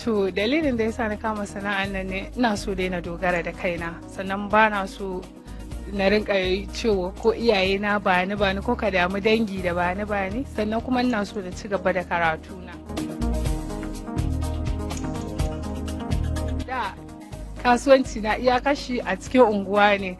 to dalilin da ya sa na kama sana'an nan ne ina so dai na dogara da kaina sannan ba na so na rinka cewa ko iyaye na ba ni ko ka damu dangi da bani ni sannan kuma ina so na ci gaba da karatu na. kasuwanci na iya kashi a cikin unguwa ne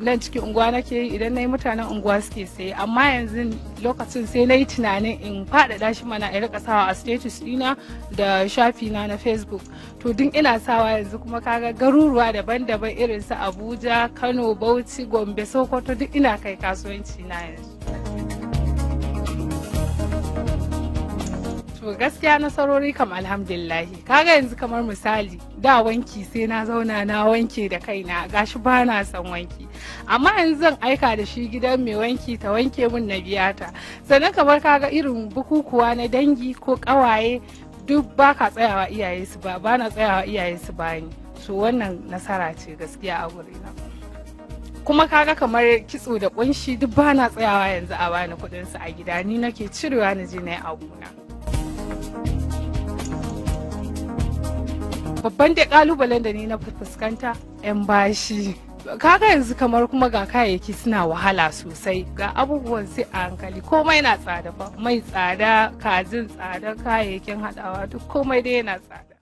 nan cikin unguwa nake yi idan na yi mutanen unguwa suke saye amma yanzu lokacin sai na yi tunanin in faɗaɗa shi mana in rika sawa a status ɗina da shafi na na facebook to duk ina sawa yanzu kuma kaga garuruwa daban-daban irin su abuja kano bauchi gombe sokoto duk ina kai kasuwanci na yanzu to gaskiya nasarori kam alhamdulillahi kaga yanzu kamar misali da wanki sai na zauna na wanke da kaina gashi ba na son wanki amma yanzu zan aika da shi gidan mai wanki ta wanke mun na biya ta sannan kamar kaga irin bukukuwa na dangi ko kawaye duk ba ka tsayawa iyaye su ba ba na tsayawa iyaye su ba ni to wannan nasara ce gaskiya a na kuma kaga kamar kitso da kunshi duk bana tsayawa yanzu a bani kudin su a gida ni nake cirewa na je na yi abuna. babban da kalubalen da ni na fuskanta 'yan bashi kaga yanzu kamar kuma ga kayayyaki suna wahala sosai ga abubuwan sai a hankali komai na tsada ba, mai tsada kajin tsada kayayyakin hadawa duk komai dai yana tsada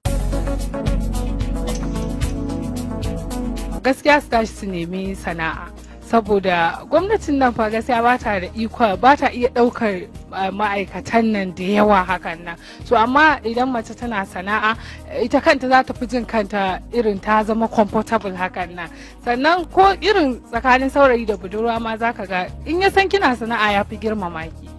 gaskiya su tashi su nemi sana'a saboda gwamnatin nan fa sai ba ta da iko ba ta iya ɗaukar eh, ma'aikatan nan da yawa hakan nan so amma idan mace tana sana'a ita kanta za ta fi jin kanta irin ta zama comfortable hakan nan sannan ko irin tsakanin saurayi da budurwa ma za ka ga in ya san kina sana'a ya fi girmama ki